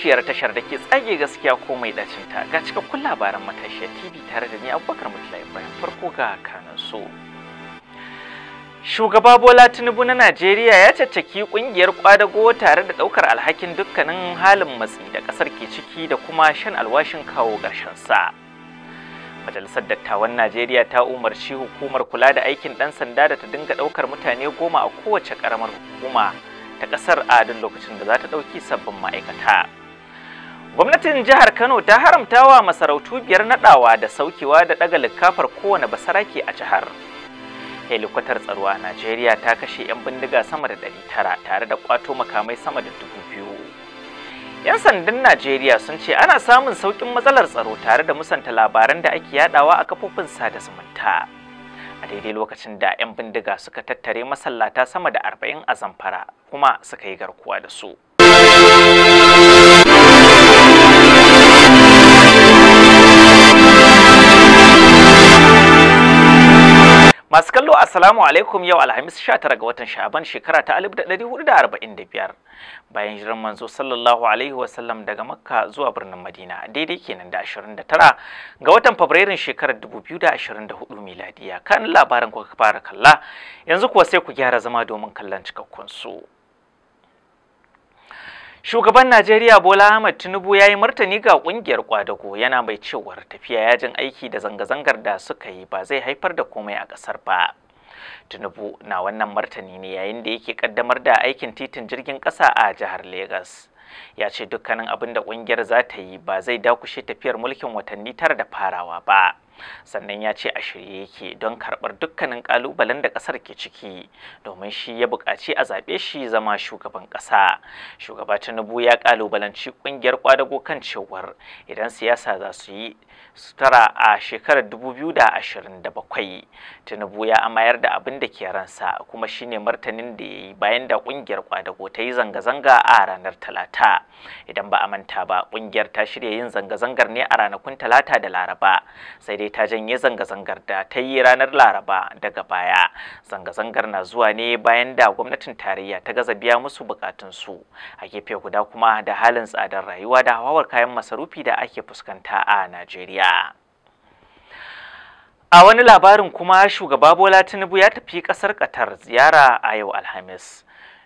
matashiyar tashar da ke tsage gaskiya ko mai dacin ta ga cikakkun labaran matashiya TV tare da ni Abubakar Mutula Ibrahim farko ga kanan so. Shugaba Bola Tinubu na Najeriya ya caccaki kungiyar kwadago tare da daukar alhakin dukkanin halin matsi da kasar ke ciki da kuma shan alwashin kawo ƙarshen sa. Majalisar Dattawan Najeriya ta umarci hukumar kula da aikin ɗan sanda da ta dinga ɗaukar mutane goma a kowace karamar hukuma ta ƙasar a lokacin da za ta ɗauki sabbin ma'aikata. Gwamnatin jihar Kano ta haramtawa masarautu biyar nadawa da saukewa da daga likafar kowane basarake a jihar. Helikwatar tsaro a Najeriya ta kashe 'yan bindiga sama da 900 tare da kwato makamai sama da 2000. 'Yan sandan Najeriya sun ce ana samun saukin matsalar tsaro tare da musanta labaran da ake yadawa a kafofin sada zumunta. A daidai lokacin da 'yan bindiga suka tattare masallata sama da 40 a zamfara kuma suka yi garkuwa da su. Masu kallo Assalamu alaikum yau Alhamis 19 ga watan Sha'aban shekara ta 1445 bayan jiran manzo sallallahu alaihi wasallam daga Makka zuwa birnin Madina daidai kenan da 29 ga watan Fabrairun shekarar 2024 miladiya kan labaran kuka fara kalla yanzu kuwa sai ku gyara zama domin kallon cikakkun su. Shugaban Najeriya Bola Ahmed Tinubu ya yi martani ga kungiyar kwadago yana mai cewar tafiya yajin aiki da zanga-zangar da suka yi ba zai haifar da komai a ƙasar ba. Tinubu na wannan martani ne yayin da yake kaddamar da aikin titin jirgin ƙasa a jihar Legas. Ya ce dukkanin abin da kungiyar za ta yi ba zai dakushe tafiyar mulkin watanni tara da farawa ba. sannan ya ce a shirye yake don karɓar dukkanin ƙalubalen da ƙasar ke ciki domin shi ya buƙaci a zaɓe shi zama shugaban ƙasa shugaba tinubu ya ƙalubalanci ƙungiyar kwadago kan cewar idan siyasa za su yi tara a shekarar 2027 tinubu ya amayar da abin da ke ransa kuma shine martanin da ya yi bayan da ƙungiyar kwadago ta yi zanga-zanga a ranar talata idan ba a manta ba ƙungiyar ta shirya yin zanga-zangar ne a ranakun talata da laraba sai dai ta janye zanga-zangar da ta yi ranar laraba daga baya zanga-zangar na zuwa ne bayan da gwamnatin tarayya ta gaza biya musu bukatunsu a gefe guda kuma da halin tsadar rayuwa da hawawar kayan masarufi da ake fuskanta a najeriya A wani labarin kuma shugaba Bola Tinubu ya tafi kasar Qatar ziyara a yau Alhamis.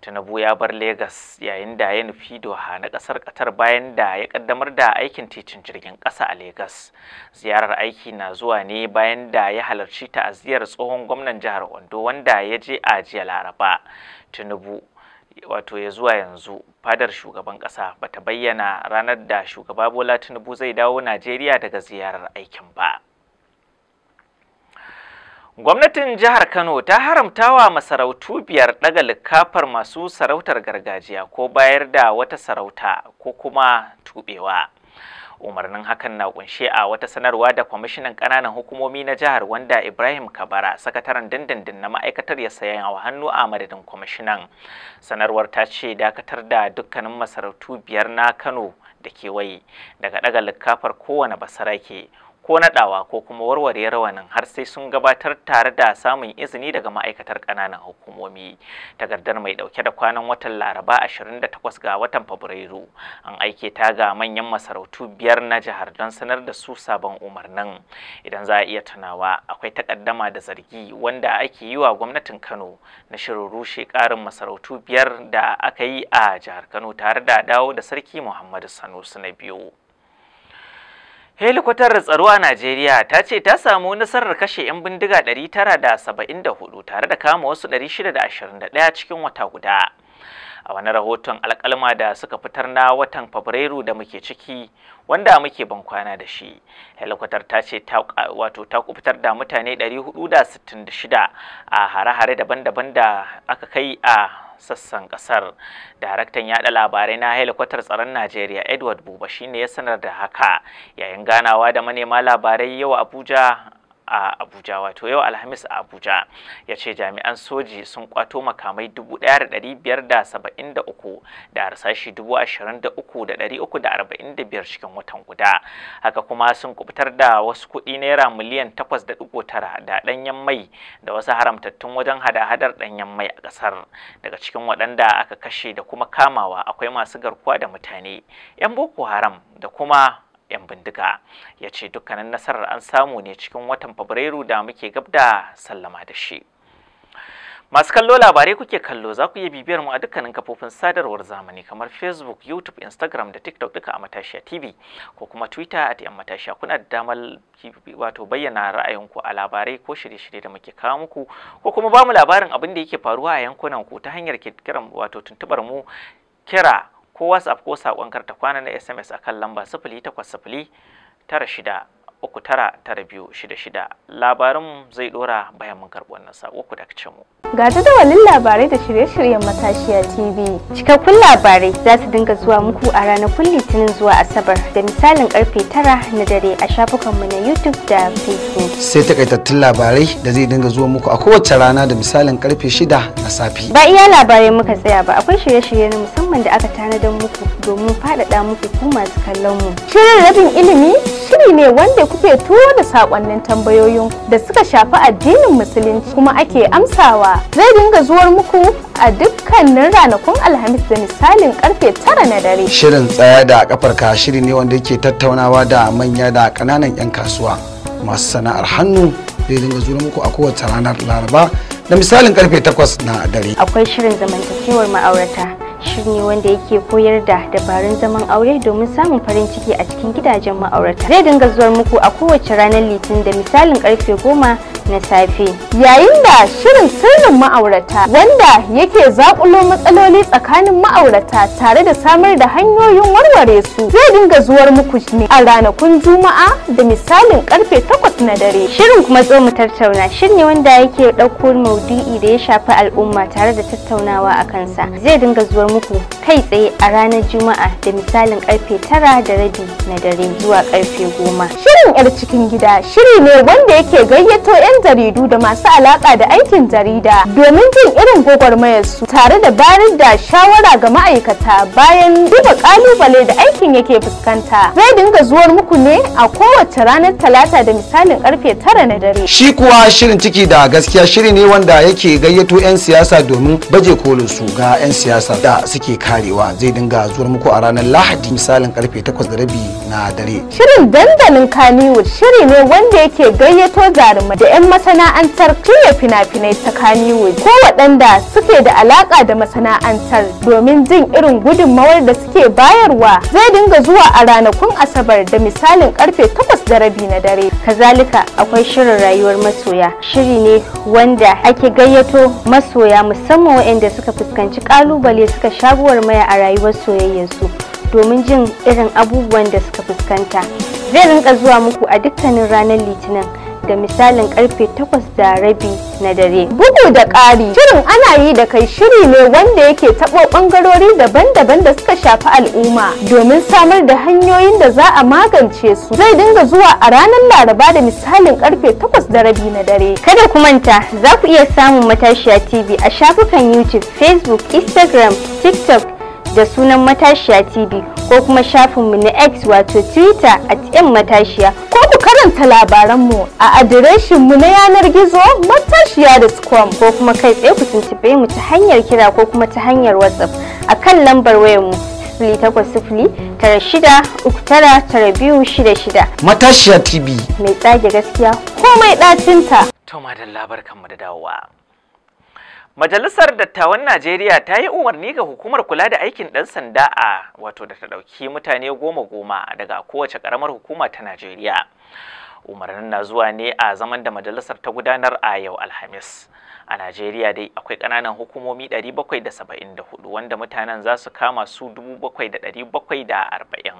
tinubu ya bar Legas yayin da ya nufi doha na kasar qatar bayan da ya kaddamar da aikin titin jirgin kasa a Legas. ziyarar aiki na zuwa ne bayan da ya halarci ta'aziyar tsohon gwamnan jihar ondo wanda ya je a jiya laraba tinubu wato ya zuwa yanzu fadar shugaban kasa bata bayyana ranar da shugaba bola tinubu zai dawo najeriya daga ziyarar aikin ba Gwamnatin jihar Kano ta haramta wa masarautu biyar daga likafar masu sarautar gargajiya ko bayar da wata sarauta ko kuma tubewa. Umarnin hakan na kunshe a wata sanarwa da kwamishinan ƙananan hukumomi na jihar wanda Ibrahim Kabara, sakataren dindindin na ma'aikatar ya sayan a hannu a madadin kwamishinan. Sanarwar ta ce dakatar da dukkanin masarautu biyar na Kano da kewaye daga ɗaga likafar kowane basarake. ko naɗawa ko kuma warware rawanin har sai sun gabatar tare da samun izini daga ma'aikatar ƙananan hukumomi takardar mai ɗauke da kwanan watan laraba 28 ga watan fabrairu an aike ta ga manyan masarautu biyar na jihar don sanar da su sabon umarnin idan za a iya tunawa akwai takaddama da zargi wanda ake yi wa gwamnatin kano na shirin rushe ƙarin masarautu biyar da aka yi a jihar kano tare da dawo da sarki muhammadu sanusi na biyu Helikwatar tsaro a Najeriya ta ce ta samu nasarar kashe 'yan bindiga 974 tare da kama wasu 621 cikin wata guda. a wani rahoton alkalma da suka fitar na watan fabrairu da muke ciki wanda muke bankwana da shi helikwatar ta ce wato ta kubutar da mutane 466 a hare-hare daban-daban da aka kai a sassan kasar daraktan yada labarai na helikwatar tsaron najeriya edward buba shine ya sanar da haka yayin ganawa da manema labarai yau abuja a abuja wato yau alhamis a abuja ya ce jami'an soji sun kwato makamai 1,573 da harsashi 23,345 cikin watan guda haka kuma sun kubutar da wasu kuɗi naira miliyan 8.9 da ɗanyen mai da wasu haramtattun wajen hada-hadar ɗanyen mai a ƙasar daga cikin waɗanda aka kashe da kuma kamawa akwai masu garkuwa da mutane 'yan boko haram da kuma 'yan bindiga ya ce dukkanin nasarar an samu ne cikin watan fabrairu da muke gab da sallama da shi masu kallo labarai kuke kallo za ku iya bibiyar mu a dukkanin kafofin sadarwar zamani kamar facebook youtube instagram da tiktok duka a matashiya tv ko kuma twitter at yan matashiya kuna da damar wato bayyana ra'ayinku a labarai ko shirye-shirye da muke kawo muku ko kuma ba mu labarin abin da yake faruwa a yankunan ku ta hanyar kiran wato tuntubar mu kira ko whatsapp ko saƙon karta kwana na sms akan lamba sifili takwas sifili tara shida uku tara tara biyu shida shida labarin zai ɗora bayan mun karɓi wannan saƙo ku da mu. Ga jadawalin labarai da shirye-shiryen matashiya TV. Cikakkun labarai za su dinga zuwa muku a ranakun Litinin zuwa Asabar da misalin karfe tara na dare a shafukanmu na YouTube da Facebook. Sai takaitattun labarai da zai dinga zuwa muku a kowace rana da misalin karfe shida na safe. Ba iya labarai muka tsaya ba akwai shirye-shirye na musamman da aka tanadar muku domin faɗaɗa muku ku masu kallon mu. Shirin rabin ilimi shiri ne wanda kuke tuwo da saƙonnin tambayoyin da suka shafi addinin musulunci kuma ake amsawa zai dinga zuwar muku a dukkanin ranakun Alhamis da misalin karfe tara na dare. Shirin tsaya da kafar ka shiri ne wanda yake tattaunawa da manya da kananan 'yan kasuwa masu sana'ar hannu zai dinga zuwar muku a kowace ranar Laraba da misalin karfe takwas na dare. Akwai shirin zamantakewar ma'aurata. shiri ne wanda yake koyar da dabarun zaman aure domin samun farin ciki a cikin gidajen ma'aurata. Zai dinga zuwar muku a kowace ranar Litinin da misalin karfe goma na safe yayin da shirin sirrin ma'aurata wanda yake zaƙulo matsaloli tsakanin ma'aurata tare da samar da hanyoyin warware su zai dinga zuwar muku ne a ranakun juma'a da misalin karfe takwas na dare shirin kuma zo mu tattauna shirin ne wanda yake ɗauko maudu'i da ya shafi al'umma tare da tattaunawa a kansa zai dinga zuwar muku kai tsaye a ranar juma'a da misalin karfe tara da rabi na dare zuwa karfe goma. shirin yar cikin gida shiri ne wanda yake gayyato 'yan jaridu da masu alaƙa da aikin jarida domin jin irin gwagwarmayarsu tare da bayar da shawara ga ma'aikata bayan duba ƙalubale da aikin yake fuskanta. Zai dinga zuwar muku ne a kowace ranar talata da misalin karfe tara na dare. Shi kuwa shirin ciki da gaskiya shiri ne wanda yake gayyato 'yan siyasa domin baje kolin su ga 'yan siyasa da suke karewa zai dinga zuwar muku a ranar lahadi misalin karfe takwas da rabi na dare. Shirin dandalin Kaniwood shiri ne wanda yake gayyato jarumai da 'yan masana'antar shirya fina-finai ta Kannywood ko waɗanda suke da alaƙa da masana'antar domin jin irin gudunmawar da suke bayarwa zai dinga zuwa a ranakun Asabar da misalin karfe 8 da rabi na dare. Kazalika akwai shirin rayuwar masoya. Shiri ne wanda ake gayyato masoya musamman waɗanda suka fuskanci ƙalubale suka shagowar maya a rayuwar soyayyarsu domin jin irin abubuwan da suka fuskanta. Zai rinka zuwa muku a dukkanin ranar Litinin. da misalin karfe 8 da rabi na dare. Bugu da ƙari, shirin ana yi da kai shiri ne wanda yake taɓo ɓangarori daban-daban da suka shafi al'umma domin samar da hanyoyin da za a magance su. Zai dinga zuwa a ranar Laraba da misalin karfe 8 da rabi na dare. Kada ku manta, za ku iya samun Matashiya TV a shafukan YouTube, Facebook, Instagram, TikTok da sunan Matashiya TV. ko kuma shafinmu na X wato Twitter at ‘yan matashiya ko ku karanta labaranmu a adireshinmu na yanar gizo matashiya da squam ko kuma kai tsaye ku tuntube mu ta hanyar kira ko kuma ta hanyar WhatsApp a kan lambar wayarmu sifili takwas sifili tara shida uku tara tara Matashiya TV. Mai tsage gaskiya komai ɗacinta. To madalla barkanmu da dawowa. Majalisar Dattawan Najeriya ta yi umarni ga hukumar kula da aikin ɗan sanda a wato da ta ɗauki mutane goma goma daga kowace ƙaramar hukuma ta Najeriya. umarnin na zuwa ne a zaman da majalisar ta gudanar a yau alhamis a najeriya dai akwai kananan hukumomi 774 wanda mutanen za su kama su 7,740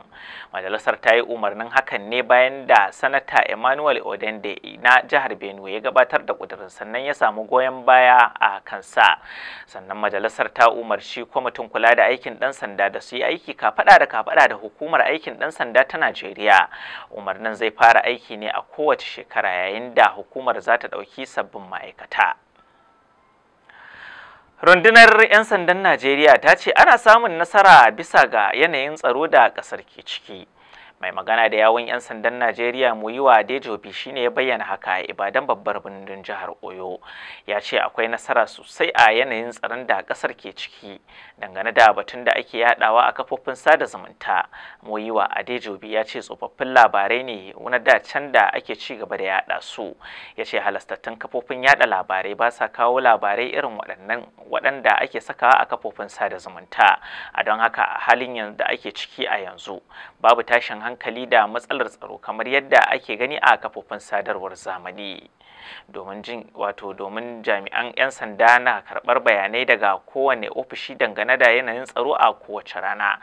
majalisar ta yi umarnin hakan ne bayan da sanata emmanuel odende na jihar benue ya gabatar da kudurin sannan ya samu goyon baya a kansa sannan majalisar ta umarci kwamitin kula da aikin dan sanda da su yi aiki kafaɗa da kafaɗa da hukumar aikin dan sanda ta najeriya umarnin zai fara aiki ne a kowace shekara yayin da hukumar za ta ɗauki sabbin ma'aikata. Rundunar 'yan sandan Najeriya ta ce ana samun nasara bisa ga yanayin tsaro da ƙasar ke ciki. mai magana da yawon 'yan sandan najeriya muyiwa adejobi shine ya bayyana haka a ibadan babbar birnin jihar oyo ya ce akwai nasara sosai a yanayin tsaron da kasar ke ciki dangane da batun da ake yadawa a kafofin sada zumunta muyiwa adejobi ya ce tsofaffin labarai ne wani da can da ake ci gaba da yada su ya ce halastattun kafofin yada labarai ba sa kawo labarai irin waɗannan waɗanda ake sakawa a kafofin sada zumunta a don haka a halin da ake ciki a yanzu babu tashin hankali da matsalar tsaro kamar yadda ake gani a kafofin sadarwar zamani domin jin wato domin jami'an 'yan sanda na karɓar bayanai daga kowane ofishi dangane da yanayin tsaro a kowace rana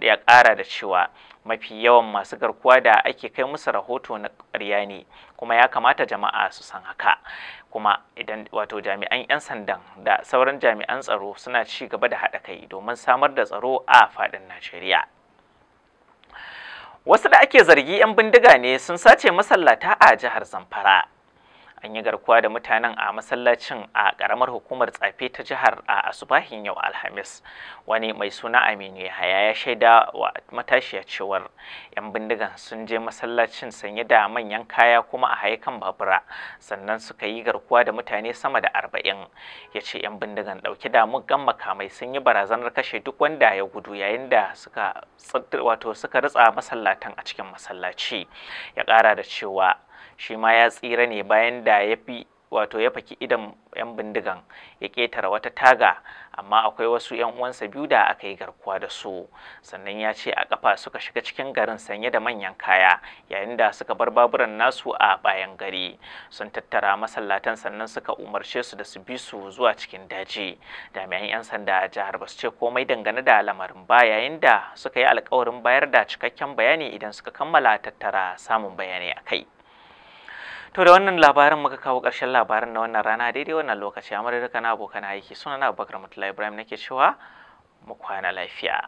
ya kara da cewa mafi yawan masu garkuwa da ake kai musu rahoto na ƙarya ne kuma ya kamata jama'a su san haka kuma idan wato jami'an 'yan sandan da sauran jami'an tsaro suna ci gaba da haɗa kai domin samar da tsaro a faɗin najeriya Wasu da ake zargi 'yan bindiga ne sun sace masallata a jihar Zamfara. an yi garkuwa da mutanen a masallacin a karamar hukumar tsafe ta jihar a asubahin yau alhamis wani mai suna aminu yahaya ya shaida wa matashiya cewar yan bindigan sun je masallacin sanye da manyan kaya kuma a kan babura sannan suka yi garkuwa da mutane sama da arba'in ya ce yan bindigan ɗauki da muggan makamai sun yi barazanar kashe duk wanda ya gudu yayin da suka wato suka ritsa masallatan a cikin masallaci ya ƙara da cewa shi ma ya tsira ne bayan da ya fi wato ya faki idan 'yan bindigan ya ketara wata taga amma akwai wasu 'yan uwansa biyu da aka yi garkuwa da su sannan ya ce a kafa suka shiga cikin garin sanye da manyan kaya yayin da suka bar baburan nasu a bayan gari sun tattara masallatan sannan suka umarce su da su bi su zuwa cikin daji jami'an 'yan sanda a jihar ba ce komai dangane da lamarin ba yayin da suka yi alkawarin bayar da cikakken bayani idan suka kammala tattara samun bayani a kai to da wannan labarin muka kawo ƙarshen labarin na wannan rana daidai wannan lokaci amma da na abokan aiki suna na abubakar mutula ibrahim nake cewa mu kwana lafiya